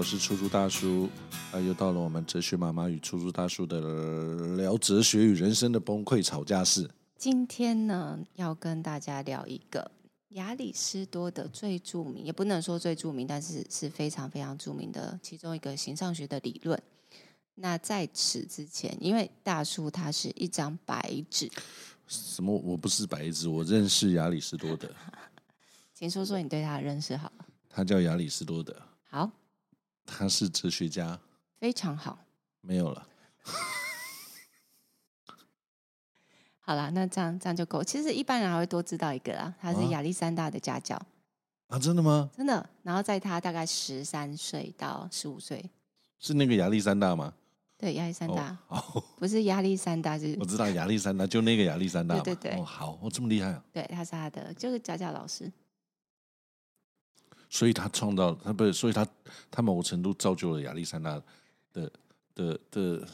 我是出租大叔，啊，又到了我們哲學媽媽與出租大叔的聊哲學與人生的崩潰吵架式。今天呢，要跟大家聊一個亞里斯多德最著名，也不能說最著名，但是是非常非常著名的其中一個形上學的理論。那在此之前，因為大叔他是一張白紙。什麼？我不是白紙，我認識亞里斯多德。 請說說你對他的認識，好。他叫亞里斯多德。好。他是哲學家，非常好。沒有了， 好了，那這樣這樣就夠。其實一般人還會多知道一個啊，他是亞歷山大的家教啊，真的嗎？真的。然後在他大概十三歲到十五歲，是那個亞歷山大嗎？對，亞歷山大、哦哦、不是亞歷山大，就是我知道亞歷山大，就那個亞歷山大， 對對對，哦、好，我、哦、這麼厲害啊？對，他是他的，就是家教老師。所以他創造他不是，所以他他某個程度造就了亞歷山大的的的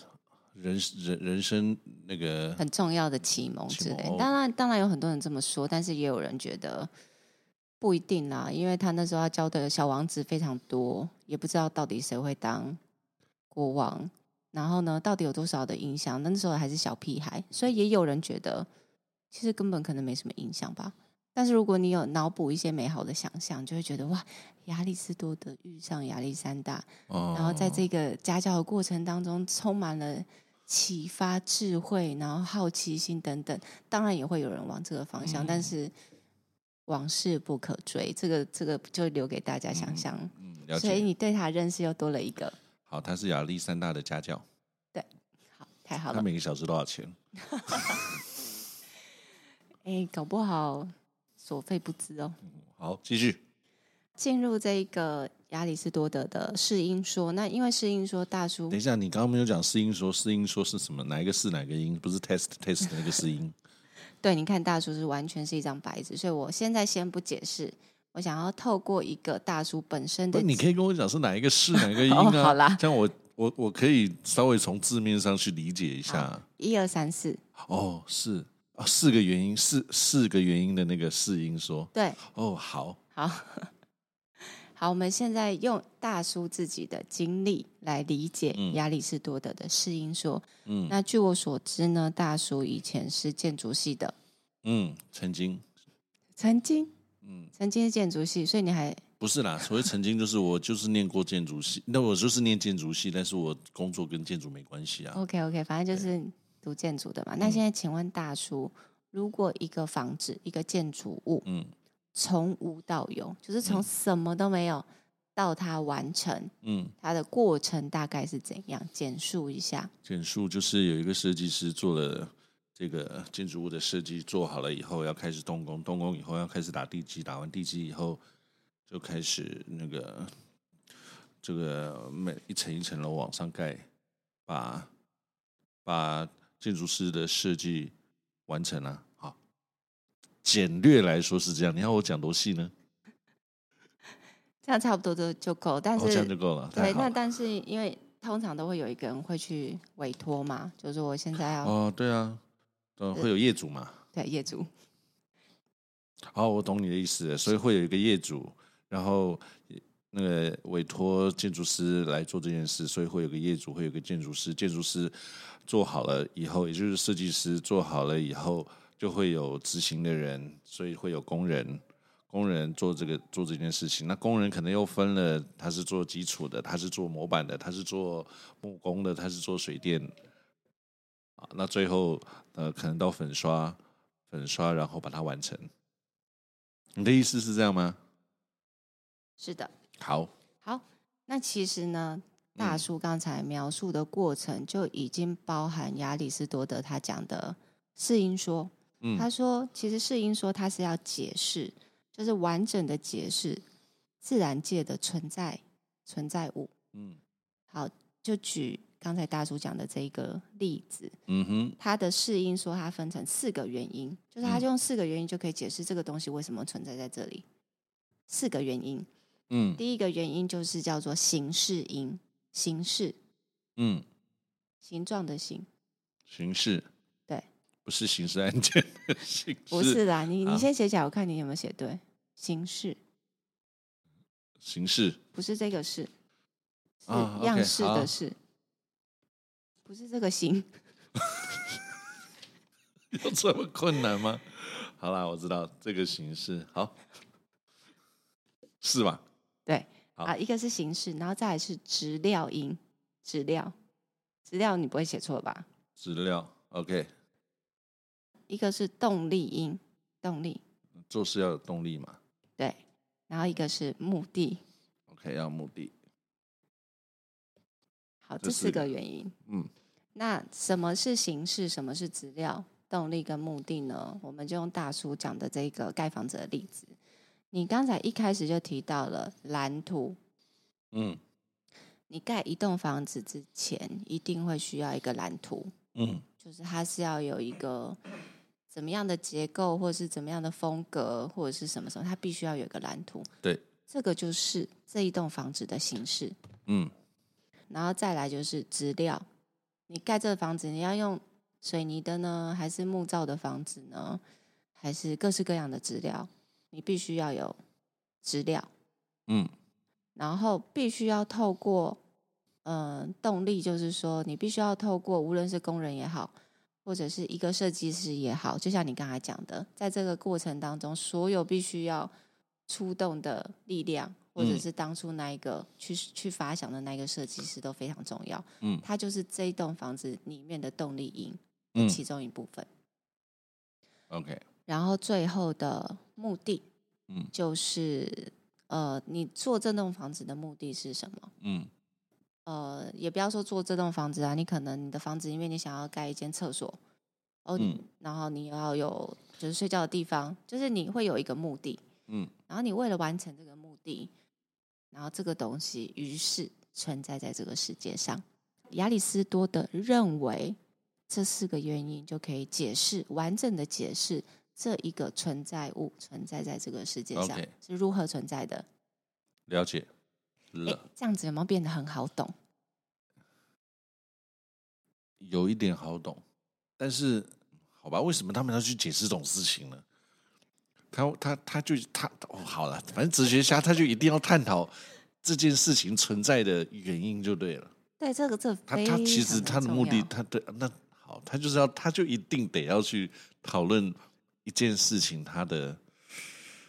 人人人生那個很重要的啟蒙之類。當然，當然有很多人這麼說，但是也有人覺得不一定啦，因為他那時候他教的小王子非常多，也不知道到底誰會當國王。然後呢，到底有多少的影響？那時候還是小屁孩，所以也有人覺得其實根本可能沒什麼影響吧。但是如果你有腦補一些美好的想象，就會覺得哇，亞里斯多德遇上亞歷山大，哦、然後在這個家教的過程當中，充滿了啟發智慧，然後好奇心等等。當然也會有人往這個方向，嗯、但是往事不可追，這個這個就留給大家想象。嗯，了解了，所以你對他認識又多了一個。好，他是亞歷山大的家教。對，好，太好了。他每個小時多少錢？哎、 欸，搞不好。所費不貲哦。好，繼續進入這一個亞里斯多德的四因說。那因為四因說大叔，等一下，你剛剛沒有講四因說，四因說是什麼？哪一個四哪,個,四哪個因？不是 test test 那個試音。 對，你看大叔是完全是一張白紙，所以我現在先不解釋。我想要透過一個大叔本身的，你可以跟我講是哪一個四哪個因啊？ 哦、好啦，像我我我可以稍微從字面上去理解一下。一二三四。1, 2, 3, 哦，是。哦、四個原因，四四個原因的那個四因說，對，哦，oh, 好，好， 好，我們現在用大叔自己的經歷來理解亞里斯多德的四因說。嗯，那據我所知呢，大叔以前是建築系的。嗯，曾經，曾經，嗯，曾經是建築系，所以你還不是啦？所謂曾經就是我就是念過建築系， 那我就是念建築系，但是我工作跟建築沒關係啊。OK，OK，、okay, okay, 反正就是。建築的嘛？那現在請問大叔，嗯、如果一個房子、一個建築物，嗯，從無到有，就是從什麼都沒有到它完成，嗯，它的過程大概是怎樣？簡述一下。簡述就是有一個設計師做了這個建築物的設計，做好了以後要開始動工，動工以後要開始打地基，打完地基以後就開始那個這個每一層一層樓往上蓋，把把。建築師的設計完成了，好，簡略來說是這樣。你要我講多細呢？這樣差不多就夠，但是，哦，這樣就夠了。對，那但是因為通常都會有一個人會去委託嘛，就是我現在要哦，對啊，會有業主嘛？對，業主。好，我懂你的意思，所以會有一個業主，然後那個委託建築師來做這件事，所以會有一個業主，會有一個建築師，建築師。做好了以後，也就是設計師做好了以後，就會有執行的人，所以會有工人，工人做這個做這件事情。那工人可能又分了，他是做基礎的，他是做模板的，他是做木工的，他是做水電。那最後呃，可能到粉刷，粉刷，然後把它完成。你的意思是這樣嗎？是的。好。好，那其實呢？嗯、大叔剛才描述的過程就已經包含亞里斯多德他講的四因說。嗯、他說，其實四因說他是要解釋，就是完整的解釋自然界的存在存在物。嗯，好，就舉剛才大叔講的這一個例子。嗯哼，他的四因說它分成四個原因，就是他就用四個原因就可以解釋這個東西為什麼存在在這裡。四個原因。嗯，第一個原因就是叫做形式因。形式，嗯，形狀的形，形式，對，不是刑事案件的形，不是啦，你、啊、你先寫起來，我看你有沒有寫對，形式，形式，不是這個是，啊樣式的是，啊 okay, 啊、不是這個形， 有這麼困難嗎？好啦，我知道這個形式好，是吧？對。好 啊，一個是形式，然後再來是質料因，質料，質料你不會寫錯吧？質料，OK。一個是動力因，動力。做事要有動力嘛？對。然後一個是目的，OK，要目的。好，這四個原因。嗯。那什麼是形式？什麼是質料？動力跟目的呢？我們就用大叔講的這個蓋房子的例子。你剛才一開始就提到了藍圖，嗯，你蓋一棟房子之前一定會需要一個藍圖，嗯，就是它是要有一個怎麼樣的結構，或者是怎麼樣的風格，或者是什麼什麼，它必須要有一個藍圖。對，這個就是這一棟房子的形式，嗯，然後再來就是質料，你蓋這個房子，你要用水泥的呢，還是木造的房子呢，還是各式各樣的質料。你必須要有資料，嗯，然後必須要透過，呃，動力就是說，你必須要透過無論是工人也好，或者是一個設計師也好，就像你剛才講的，在這個過程當中，所有必須要出動的力量，或者是當初那一個去、嗯、去發想的那個設計師都非常重要，嗯，它就是這一棟房子裡面的動力因，嗯，其中一部分。嗯、OK。然後最後的目的，就是、嗯、呃，你做這棟房子的目的是什麼？嗯，呃，也不要說做這棟房子啊，你可能你的房子，因為你想要蓋一間廁所，哦，然後你要有就是睡覺的地方，就是你會有一個目的，嗯、然後你為了完成這個目的，然後這個東西於是存在在這個世界上。亞里斯多德認為，這四個原因就可以解釋完整的解釋。這一個存在物存在在這個世界上 Okay 是如何存在的？了解，誒了，這樣子有沒有變得很好懂？有一點好懂，但是好吧，為什麼他們要去解釋這種事情呢？他他他就他哦，好了，反正哲學家他就一定要探討這件事情存在的原因就對了。對，這個這個，他他其實他的目的，他的那好，他就是要他就一定得要去討論。一件事情，它的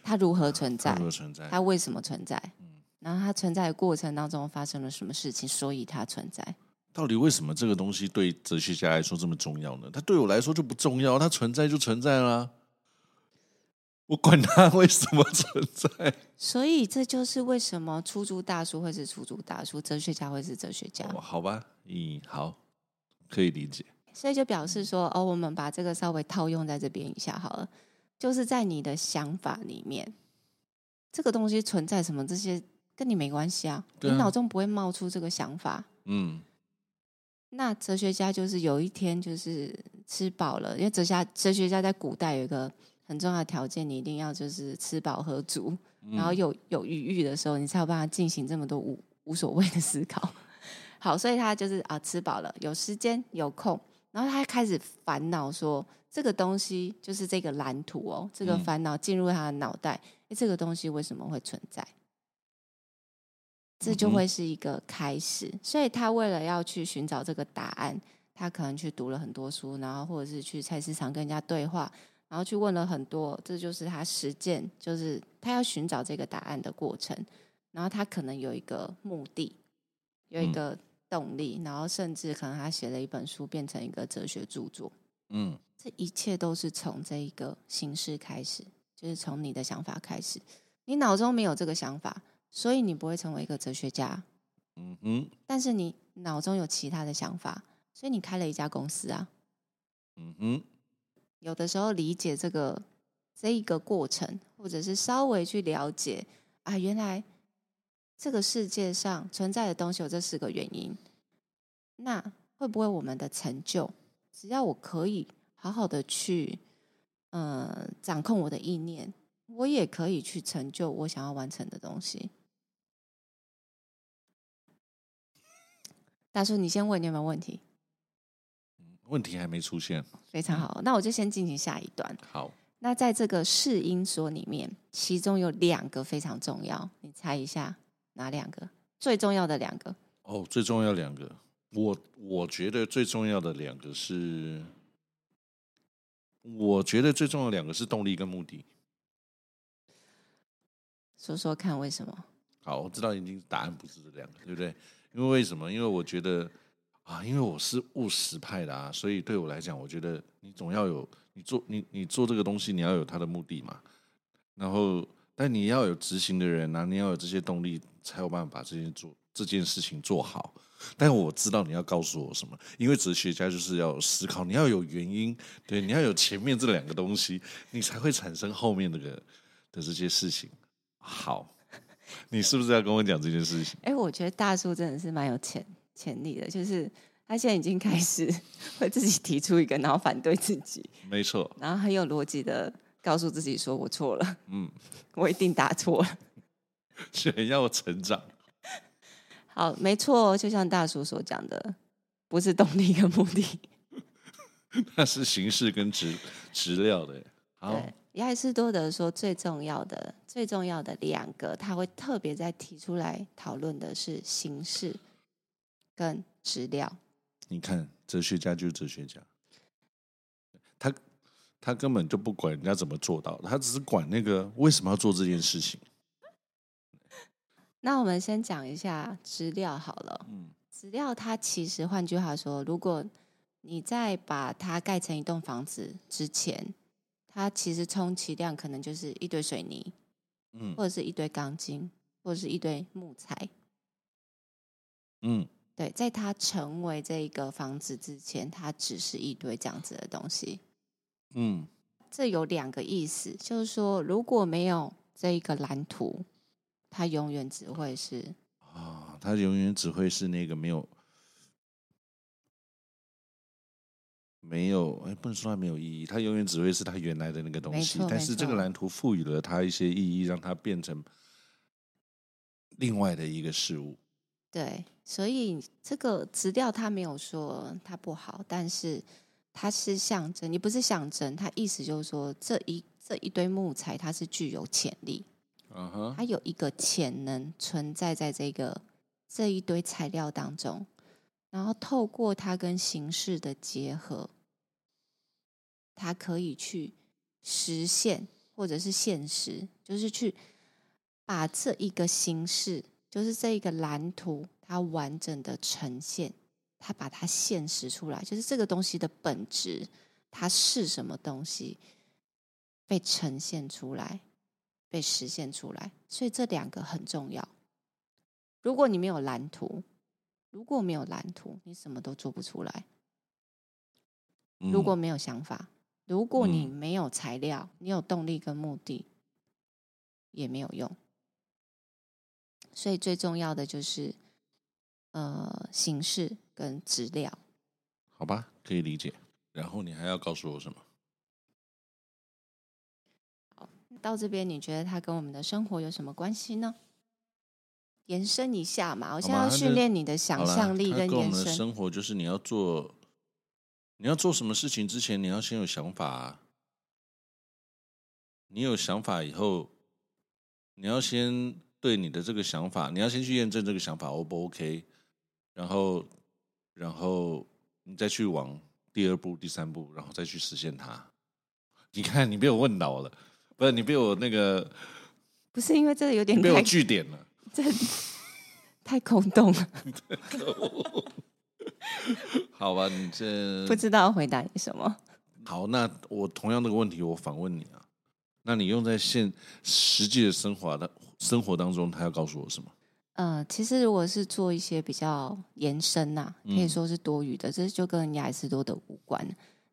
它如何存在？啊、如何存在？它為什麼存在？然後它存在的過程當中發生了什麼事情？所以它存在？到底為什麼這個東西對哲學家來說這麼重要呢？它對我來說就不重要，它存在就存在啦、啊，我管它為什麼存在。所以這就是為什麼出租大叔會是出租大叔，哲學家會是哲學家。哦、好吧，嗯，好，可以理解。所以就表示說，哦，我們把這個稍微套用在這邊一下好了，就是在你的想法裡面，這個東西存在什麼，這些跟你沒關係啊，啊你腦中不會冒出這個想法。嗯，那哲學家就是有一天就是吃飽了，因為哲學哲學家在古代有一個很重要的條件，你一定要就是吃飽喝足，嗯、然後有有餘裕的時候，你才有辦法進行這麼多無無所謂的思考。好，所以他就是啊，吃飽了，有時間，有空。然後他開始煩惱，說這個東西就是這個藍圖哦。這個煩惱進入他的腦袋，這個東西為什麼會存在？這就會是一個開始。所以他為了要去尋找這個答案，他可能去讀了很多書，然後或者是去菜市場跟人家對話，然後去問了很多。這就是他實踐，就是他要尋找這個答案的過程。然後他可能有一個目的，有一個。動力，然後甚至可能他寫了一本書，變成一個哲學著作。嗯，這一切都是從這一個形式開始，就是從你的想法開始。你腦中沒有這個想法，所以你不會成為一個哲學家。嗯哼。但是你腦中有其他的想法，所以你開了一家公司啊。嗯哼。有的時候理解這個這一個過程，或者是稍微去了解，啊，原來。這個世界上存在的東西有這四個原因，那會不會我們的成就，只要我可以好好的去，呃，掌控我的意念，我也可以去成就我想要完成的東西？大叔，你先問你有沒有問題？問題還沒出現，非常好。那我就先進行下一段。好，那在這個四因說裡面，其中有兩個非常重要，你猜一下。哪兩個最重要的兩個？哦，最重要兩個，我我覺得最重要的兩個是，我覺得最重要的兩個是動力跟目的。說說看，為什麼？好，我知道你已經答案，不是這兩個,對不對？因為為什麼？因為我覺得啊，因為我是務實派的啊，所以對我來講，我覺得你總要有你做你你做這個東西，你要有它的目的嘛，然後。但你要有執行的人啊，你要有這些動力，才有辦法把這件做這件事情做好。但我知道你要告訴我什麼，因為哲學家就是要有思考，你要有原因，對，你要有前面這兩個東西，你才會產生後面那、這個的這些事情。好，你是不是要跟我講這件事情？哎、欸，我覺得大叔真的是蠻有潛潛力的，就是他現在已經開始會自己提出一個，然後反對自己，沒錯，然後很有邏輯的。告訴自己說：“我錯了。”嗯，我一定答錯了，是很要成長。好，沒錯、哦，就像大叔所講的，不是動力跟目的， 那是形式跟質料的。好，對亞里斯多德說最重要的、最重要的兩個，他會特別再提出來討論的是形式跟質料。你看，哲學家就是哲學家，他。他根本就不管人家怎麼做到，他只是管那個為什麼要做這件事情。那我們先講一下質料好了。嗯，質料它其實換句話說，如果你在把它蓋成一棟房子之前，它其實充其量可能就是一堆水泥，嗯，或者是一堆鋼筋，或者是一堆木材。嗯，對，在它成為這一個房子之前，它只是一堆這樣子的東西。嗯，這有兩個意思，就是說，如果沒有這一個藍圖，它永遠只會是啊、哦，它永遠只會是那個沒有沒有哎，不能說它沒有意義，它永遠只會是它原來的那個東西。沒錯，但是這個藍圖賦予了它一些意義，讓它變成另外的一個事物。對，所以這個質料他沒有說它不好，但是。它是象徵，你不是象徵，它意思就是說，這一這一堆木材，它是具有潛力，嗯哼，Uh-huh. 它有一個潛能存在在這個這一堆材料當中，然後透過它跟形式的結合，它可以去實現，或者是現實，就是去把這一個形式，就是這一個藍圖，它完整的呈現。他把它現實出來，就是這個東西的本質，它是什麼東西被呈現出來，被實現出來，所以這兩個很重要。如果你沒有藍圖，如果沒有藍圖，你什麼都做不出來。如果沒有想法，如果你沒有材料，你有動力跟目的也沒有用。所以最重要的就是。呃，形式跟質料，好吧，可以理解。然後你還要告訴我什麼？好，到這邊你覺得它跟我們的生活有什麼關係呢？延伸一下嘛，我現在要訓練你的想象力跟延伸。生活就是你要做，你要做什麼事情之前，你要先有想法。你有想法以後，你要先對你的這個想法，你要先去驗證這個想法，O 不 OK？然後，然後你再去往第二步、第三步，然後再去實現它。你看，你被我問倒了，不是你被我那個，不是因為這個有點你被我句點了，太這太空洞了。 好吧，你這不知道要回答你什麼。好，那我同樣的問題，我反問你啊，那你用在現實際的生活的、生活當中，他要告訴我什麼？嗯、呃，其實如果是做一些比較延伸吶、啊，嗯、可以說是多餘的，這是就跟亞里斯多德無關。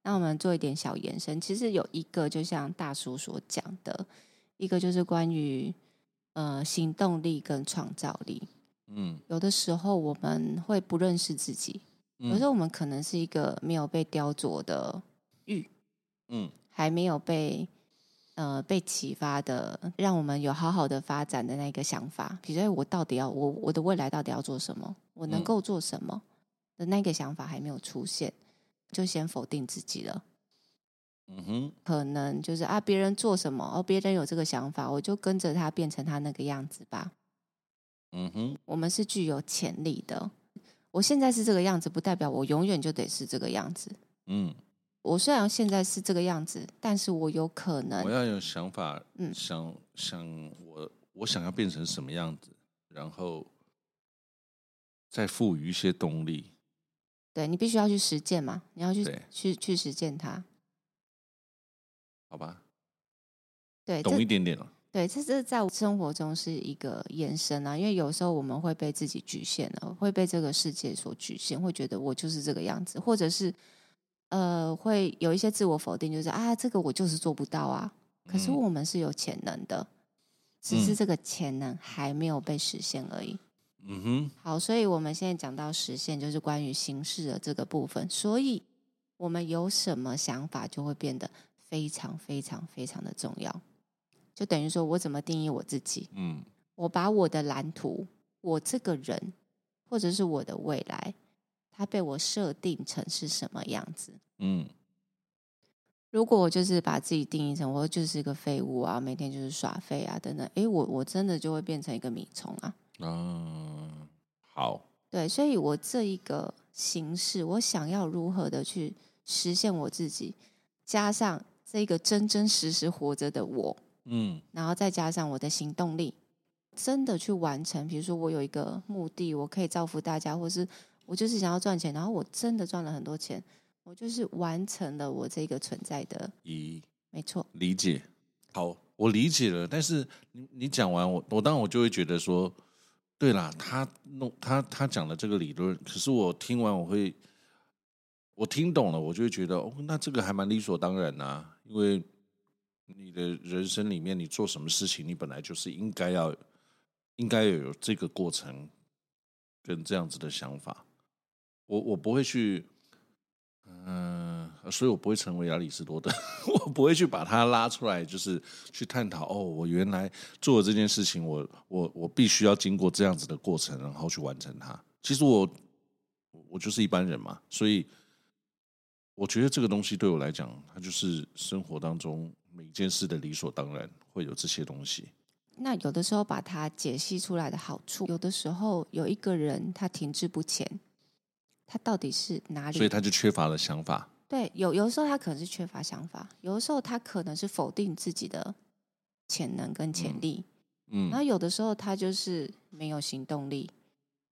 那我們做一點小延伸，其實有一個就像大叔所講的，一個就是關於呃行動力跟創造力。嗯，有的時候我們會不認識自己，嗯、有時候我們可能是一個沒有被雕琢的玉，嗯，還沒有被。呃，被啟發的，讓我們有好好的發展的那個想法，比如，我到底要我我的未來到底要做什麼？我能夠做什麼？的那個想法還沒有出現，就先否定自己了。嗯哼，可能就是啊，別人做什麼，而、啊、別人有這個想法，我就跟着他變成他那個樣子吧。嗯哼，我們是具有潛力的。我現在是這個樣子，不代表我永遠就得是這個樣子。嗯。我雖然現在是這個樣子，但是我有可能我要有想法，嗯，想想我我想要變成什麼樣子，然後再賦予一些動力。對，你必須要去實踐嘛，你要去對去去實踐它，好吧？對，懂，這懂一點點了。對，這這在我生活中是一個延伸啊，因為有時候我們會被自己侷限了，會被這個世界所侷限，會覺得我就是這個樣子，或者是。呃，會有一些自我否定，就是啊，這個我就是做不到啊。可是我們是有潛能的，嗯、只是這個潛能還沒有被實現而已。嗯哼。好，所以我們現在講到實現，就是關於形式的這個部分。所以我們有什麼想法，就會變得非常非常非常的重要。就等於說我怎麼定義我自己？嗯，我把我的藍圖，我這個人，或者是我的未來。他被我設定成是什麼樣子？嗯，如果我就是把自己定義成我就是一個廢物啊，每天就是耍廢啊等等，哎、欸，我我真的就會變成一個米蟲啊。嗯，好，對，所以我這一個形式，我想要如何的去實現我自己，加上這個真真實實活着的我，嗯，然後再加上我的行動力，真的去完成，比如說我有一個目的，我可以造福大家，或是。我就是想要賺錢，然後我真的賺了很多錢，我就是完成了我這個存在的意義，沒錯。理解，錯好，我理解了。但是你你講完我我當然我就會覺得說，對啦，他弄他他講的這個理論，可是我聽完我會我聽懂了，我就會覺得哦，那這個還蠻理所當然啊，因為你的人生裡面你做什麼事情，你本來就是應該要應該要有這個過程跟這樣子的想法。我我不會去，嗯、呃，所以我不會成為亞里斯多德。 我不會去把他拉出來，就是去探討。哦，我原來做了這件事情，我我我必須要經過這樣子的過程，然後去完成它。其實我我就是一般人嘛，所以我覺得這個東西對我來講，它就是生活當中每一件事的理所當然，會有這些東西。那有的時候把它解析出來的好處，有的時候有一個人他停滯不前。他到底是哪裡？所以他就缺乏了想法。對，有有時候他可能是缺乏想法，有的時候他可能是否定自己的潛能跟潛力。嗯，嗯，那有的時候他就是沒有行動力。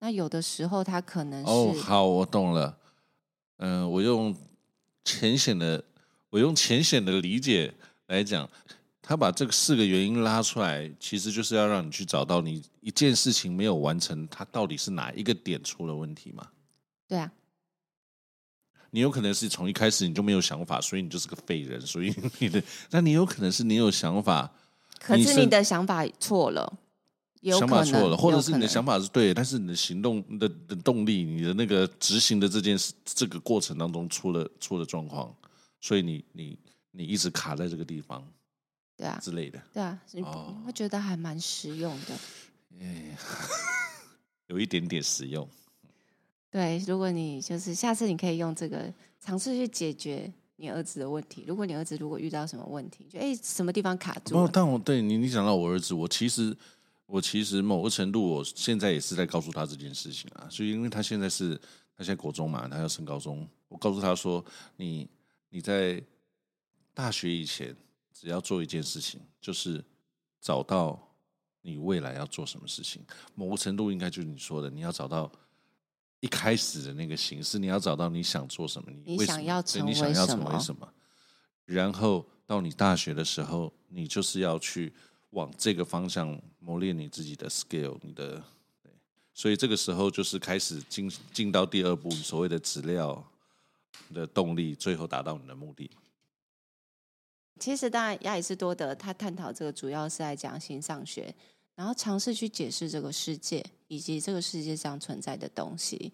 那有的時候他可能是……哦，好，我懂了。嗯、呃，我用淺顯的，我用淺顯的理解來講，他把這四個原因拉出來，其實就是要讓你去找到你一件事情沒有完成，它到底是哪一個點出了問題嘛？對啊，你有可能是從一開始你就沒有想法，所以你就是個廢人，所以你的……那你有可能是你有想法，可是你的你是想法錯了，有想法錯了，或者是你的想法是對，但是你的行動的的動力，你的那個執行的這件事，這個過程當中出了出了狀況，所以你你你一直卡在這個地方，對啊之類的，對啊，哦、你會覺得還蠻實用的，哎，有一點點實用。對，如果你就是下次你可以用這個嘗試去解決你兒子的問題。如果你兒子如果遇到什麼問題，就哎什麼地方卡住？但我對你你講到我兒子，我其實我其實某個程度，我現在也是在告訴他這件事情啊。所以，因為他現在是他現在國中嘛，他要升高中，我告訴他說：“你你在大學以前，只要做一件事情，就是找到你未來要做什麼事情。某個程度應該就是你說的，你要找到。”一開始的那個形式，你要找到你想做什麼，你想要成為什麼？然後到你大學的時候，你就是要去往這個方向磨練你自己的 skill，你的，所以這個時候就是開始進進到第二步，所謂的資料的動力，最後達到你的目的。其實，當然，亞里士多德他探討這個，主要是在講形上學。然後嘗試去解釋這個世界，以及這個世界上存在的東西，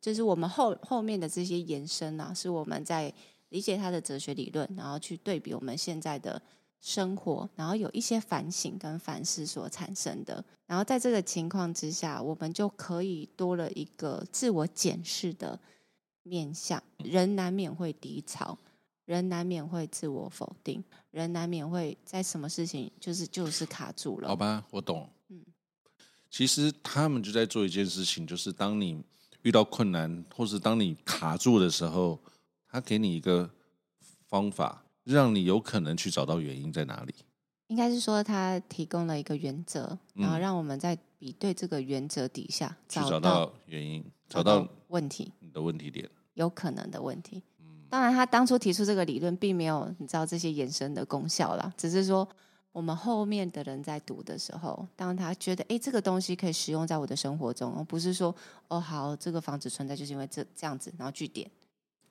就是我們後後面的這些延伸啊，是我們在理解他的哲學理論，然後去對比我們現在的生活，然後有一些反省跟反思所產生的。然後在這個情況之下，我們就可以多了一個自我檢視的面向，人難免會低潮，人難免會自我否定，人難免會在什麼事情就是就是卡住了。好吧，我懂。嗯，其實他們就在做一件事情，就是當你遇到困難或是當你卡住的時候，他給你一個方法，讓你有可能去找到原因在哪裡。應該是說，他提供了一個原則，嗯，然後讓我們在比對這個原則底下去找到，找到原因，找到，找到問題，你的問題點，有可能的問題。當然，他當初提出這個理論，並沒有你知道這些延伸的功效啦。只是說，我們後面的人在讀的時候，當他覺得，哎，這個東西可以使用在我的生活中，不是說，哦，好，這個房子存在就是因為這這樣子，然後句點。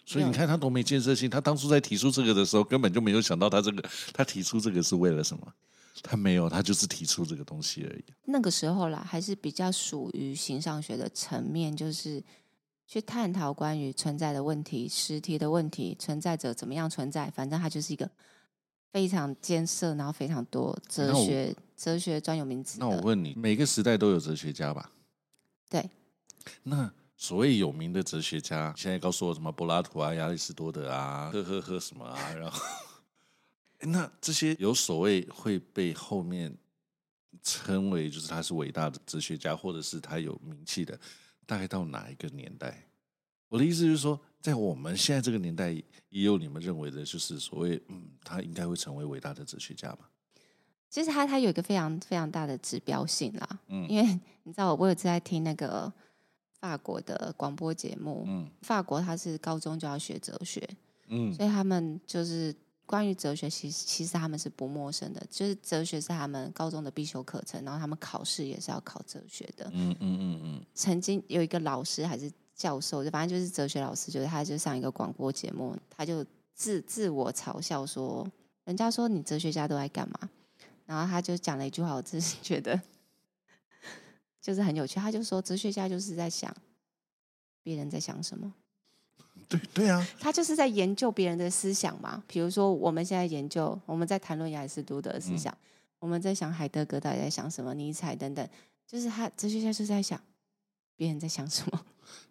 所以你看他多沒建設性。他當初在提出這個的時候，根本就沒有想到他這個，他提出這個是為了什麼？他沒有，他就是提出這個東西而已。那個時候啦，還是比較屬於形上學的層面，就是。去探討關於存在的問題、實體的問題、存在者怎麼樣存在。反正它就是一個非常艱澀，然後非常多哲學、我哲學專有名詞。那我問你，每個時代都有哲學家吧？對。那所謂有名的哲學家，現在告訴我什麼柏拉圖啊、亞里斯多德啊、呵呵呵什麼啊？然後， 那這些有所謂會被後面稱為就是他是偉大的哲學家，或者是他有名氣的？大概到哪一個年代？我的意思就是說，在我們現在這個年代，也有你們認為的就是所謂，嗯，他應該會成為偉大的哲學家嗎？其實他他有一個非常非常大的指標性啦，嗯，因為你知道我我有次在聽那個法國的廣播節目，嗯，法國他是高中就要學哲學，嗯，所以他們就是。關於哲學，其實其實他們是不陌生的，就是哲學是他們高中的必修課程，然後他們考試也是要考哲學的。嗯嗯嗯嗯。嗯嗯曾經有一個老師還是教授，就反正就是哲學老師，就是他就上一個廣播節目，他就自自我嘲笑說：“人家說你哲學家都在幹嘛？”然後他就講了一句話，我自己覺得就是很有趣。他就說：“哲學家就是在想別人在想什麼。”對對啊，他就是在研究別人的思想嘛。比如說，我們現在研究，我們在談論亞里斯多德的思想，嗯、我們在想海德格到底在想什麼，尼采等等，就是他哲學家就是在想別人在想什麼。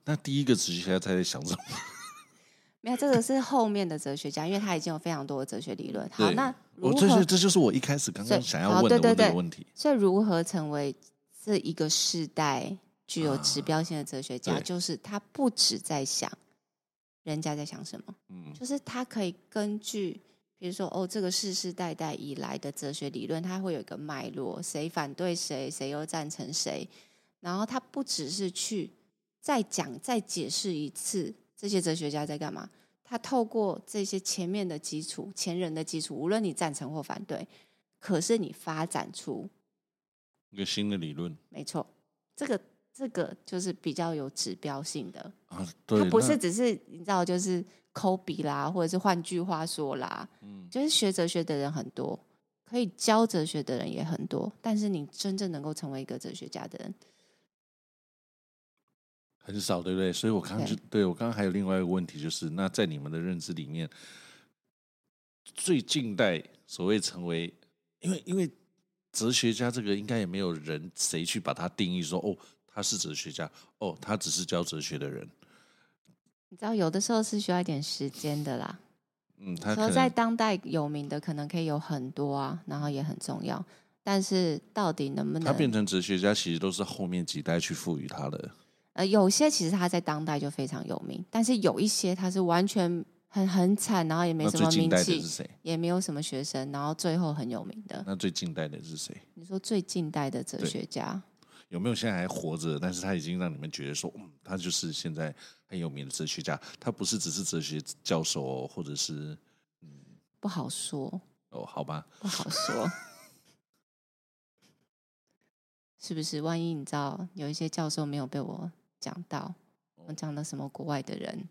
那第一個哲學家在想什麼？ 沒有，這個是後面的哲學家，因為他已經有非常多的哲學理論。好，對那我這這這就是我一開始剛剛想要問的問題。所以，如何成為這一個世代具有指標性的哲學家，啊、就是他不止在想。人家在想什麼？嗯，就是他可以根據，比如說，哦，這個世世代代以來的哲學理論，他會有一個脈絡，誰反對誰，誰又贊成誰，然後他不只是去再講、再解釋一次這些哲學家在幹嘛，他透過這些前面的基礎、前人的基礎，無論你贊成或反對，可是你發展出一個新的理論，沒錯，這個。這個就是比較有指標性的，它不是只是你知道，就是 copy 啦，或者是換句話說啦，嗯，就是學哲學的人很多，可以教哲學的人也很多，但是你真正能夠成為一個哲學家的人很少，對不對？所以我剛剛就對我剛剛還有另外一個問題，就是那在你們的認知裡面，最近代所謂成為，因為因為哲學家這個應該也沒有人誰去把它定義說哦。他是哲學家哦，他只是教哲學的人。你知道，有的時候是需要一點時間的啦。嗯，他說在當代有名的可能可以有很多啊，然後也很重要。但是到底能不能他變成哲學家，其實都是後面幾代去賦予他的。呃，有些其實他在當代就非常有名，但是有一些他是完全很很慘，然後也沒什麼名氣，也沒有什麼學生，然後最後很有名的。那最近代的是誰？你說最近代的哲學家？有沒有現在還活着？但是他已經讓你們覺得說，嗯，他就是現在很有名的哲學家，他不是只是哲學教授哦，或者是，嗯，不好說哦，好吧，不好說， 是不是？萬一你知道有一些教授沒有被我講到，我講的什麼國外的人，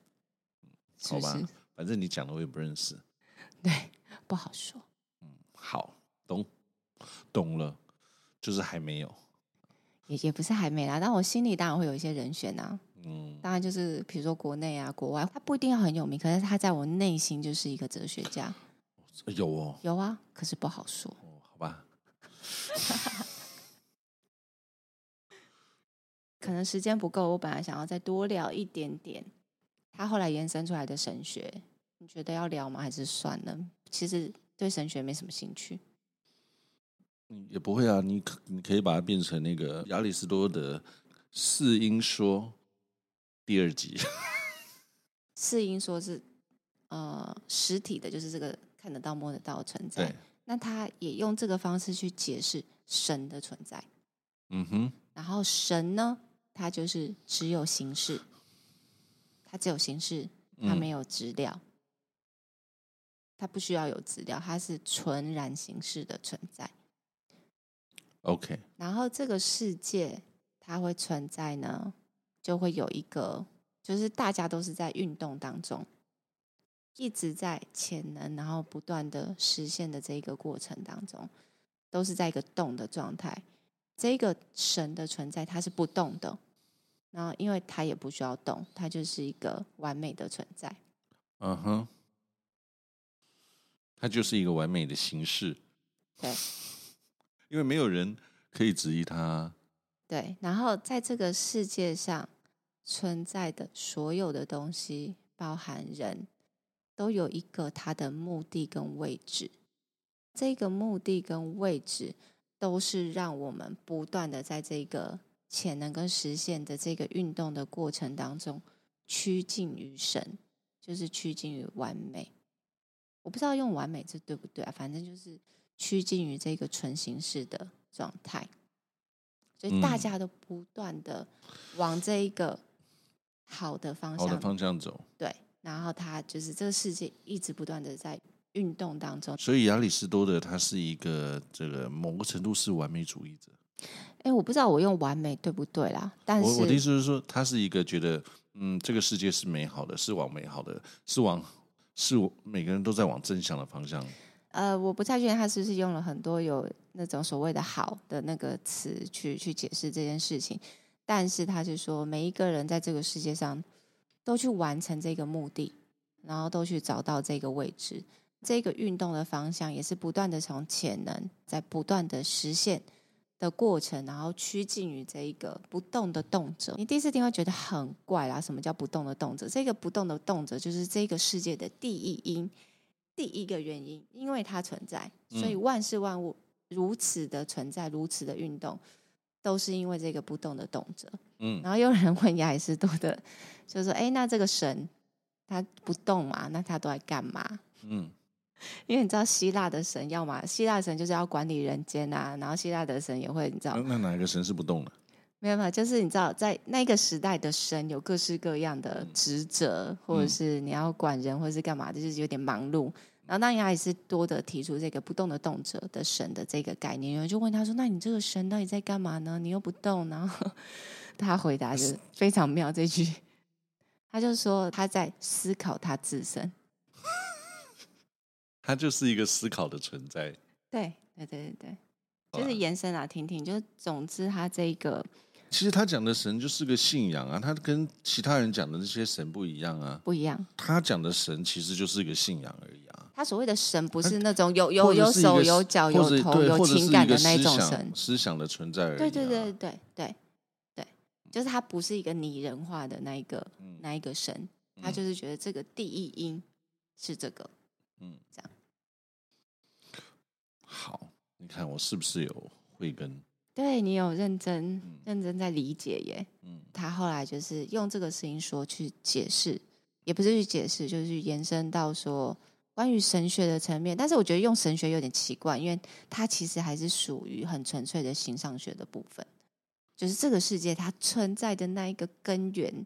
嗯，好吧，是不是？反正你講的我也不認識，對，不好說，嗯，好，懂，懂了，就是還沒有。也不是還沒啦，但我心裡當然會有一些人選吶、啊。嗯，當然就是比如說國內啊、國外，他不一定要很有名，可是他在我內心就是一個哲學家。有哦，有啊，可是不好說。哦、好吧。 可能時間不夠，我本來想要再多聊一點點。他後來延伸出來的神學，你覺得要聊嗎？還是算了？其實對神學沒什麼興趣。也不會啊，你可你可以把它變成那個亞里士多德四因說第二集。四因說是呃實體的，就是這個看得到摸得到的存在。對那他也用這個方式去解釋神的存在。嗯哼。然後神呢，它就是只有形式，它只有形式，它沒有資料，它、嗯、不需要有資料，它是純然形式的存在。OK，然後這個世界它會存在呢，就會有一個，就是大家都是在運動當中，一直在潛能，然後不斷的實現的這一個過程當中，都是在一個動的狀態。這個神的存在它是不動的，然後因為它也不需要動，它就是一個完美的存在、uh。嗯哼，它就是一個完美的形式。對。Okay. 因為沒有人可以質疑他。對，然後在這個世界上存在的所有的東西，包含人都有一個他的目的跟位置。這個目的跟位置，都是讓我們不斷的在這個潛能跟實現的這個運動的過程當中，趨近於神，就是趨近於完美。我不知道用完美字對不對啊，反正就是。趨近於這個純形式的狀態，所以大家都不斷的往這一個好的方向，嗯、對好的方向走。對，然後他就是這個世界一直不斷的在運動當中。所以亞里斯多德他是一個這個某個程度是完美主義者。哎，我不知道我用完美對不對啦，但是我，我的意思就是說，他是一個覺得嗯，這個世界是美好的，是往美好的，是往是每個人都在往真相的方向。呃，我不太確定他是不是用了很多有那種所謂的好的那個詞去去解釋這件事情，但是他就說每一個人在這個世界上都去完成這個目的，然後都去找到這個位置，這個運動的方向也是不斷的從潛能在不斷的實現的過程，然後趨近於這一個不動的動者。你第一次聽會覺得很怪啦，什麼叫不動的動者？這個不動的動者就是這個世界的第一因。第一個原因，因為它存在，所以萬事萬物如此的存在，如此的運動，都是因為這個不動的動者。嗯，然後又有人問亞里斯多德，就說：“哎、欸，那這個神他不動嘛？那他都在幹嘛？”嗯，因為你知道希臘的神要嘛，希臘神就是要管理人間啊。然後希臘的神也會你知道，那哪一個神是不動的？沒有沒有，就是你知道，在那個時代的神有各式各樣的職責，或者是你要管人，或者是幹嘛，就是有點忙碌。然後亞里斯多德提出這個不動的動者的神的這個概念，有人就問他說：“那你這個神到底在幹嘛呢？你又不動。”然後他回答是非常妙，是 這句他就說他在思考他自身，他就是一個思考的存在。對對對對對，啊、就是延伸啊，聽聽，就總之他這一個。其實他講的神就是個信仰啊，他跟其他人講的那些神不一樣啊，不一樣。他講的神其實就是一個信仰而已啊。他所謂的神不是那種有有有手有腳者有頭對有情感的那種神，思想的存在而已，啊。對對對對對對，對就是他不是一個擬人化的那一個、嗯、那一個神，他就是覺得這個第一因是這個，嗯，樣好，你看我是不是有慧根？對，你有認真認真在理解耶，他後來就是用這個四因說去解釋，也不是去解釋，就是延伸到說關於神學的層面。但是我覺得用神學有點奇怪，因為他其實還是屬於很純粹的形上學的部分，就是這個世界它存在的那一個根源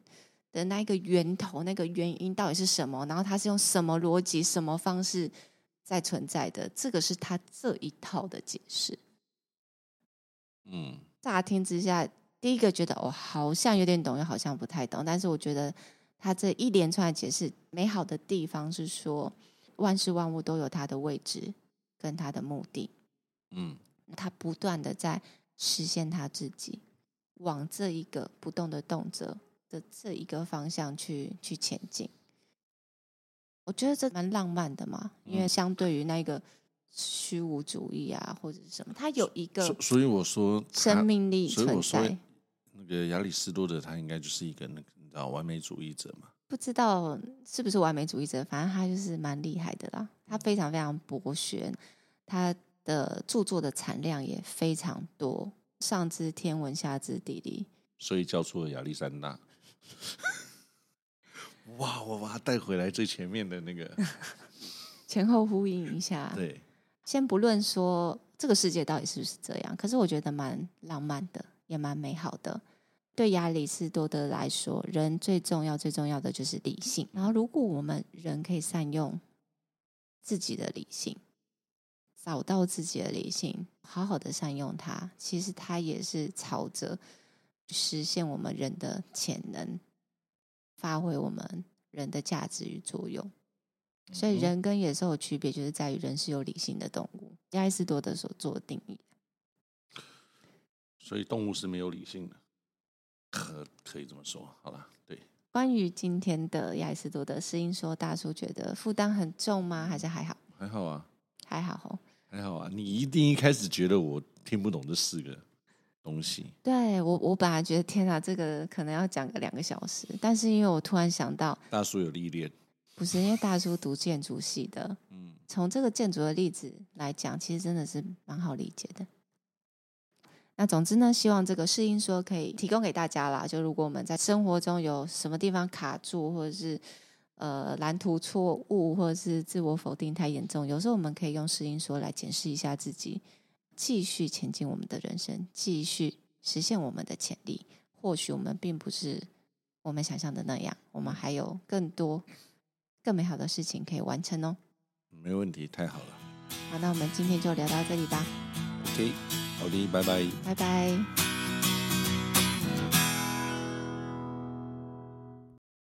的那一個源頭，那個原因到底是什麼？然後它是用什麼邏輯、什麼方式在存在的？這個是他這一套的解釋。嗯，乍聽之下，第一個覺得我、哦、好像有點懂，又好像不太懂。但是我覺得他這一連串解釋，美好的地方是說，萬事萬物都有他的位置跟他的目的。嗯，它不斷的在實現他自己，往這一個不動的動者的這一個方向去去前進。我覺得這蠻浪漫的嘛，因為相對於那個。虛無主義啊，或者什麼，他有一個，所以我說生命力存在。那個亞里斯多德，他應該就是一個，那你知道完美主義者嗎？不知道是不是完美主義者，反正他就是蠻厲害的啦。他非常非常博學，他的著作的產量也非常多，上知天文，下知地理。所以教出了亞歷山大。哇，我把他帶回來最前面的那個，前後呼應一下，對。先不論說這個世界到底是不是這樣，可是我覺得蠻浪漫的，也蠻美好的。對亞里斯多德來說，人最重要、最重要的就是理性。然後，如果我們人可以善用自己的理性，找到自己的理性，好好的善用它，其實它也是朝着實現我們人的潛能，發揮我們人的價值與作用。所以人跟野獸的區別，就是在於人是有理性的動物，亞里士多德所做的定義。嗯、所以動物是沒有理性的，可可以這麼說，好了。對。關於今天的亞里士多德，四因說大叔覺得負擔很重嗎？還是還好？還好啊，還好，還好啊。你一定一開始覺得我聽不懂這四個東西。對，我我本來覺得天哪、啊，這個可能要講個兩個小時，但是因為我突然想到，大叔有歷練。不是因為大叔讀建築系的，嗯，從這個建築的例子來講，其實真的是蠻好理解的。那總之呢，希望這個四因說可以提供給大家啦。就如果我們在生活中有什麼地方卡住，或者是呃藍圖錯誤，或者是自我否定太嚴重，有時候我們可以用四因說來檢視一下自己，繼續前進我們的人生，繼續實現我們的潛力。或許我們並不是我們想象的那樣，我們還有更多，更美好的事情可以完成哦，沒問題，太好了。好，那我們今天就聊到這裡吧。OK，好的，拜拜。拜拜。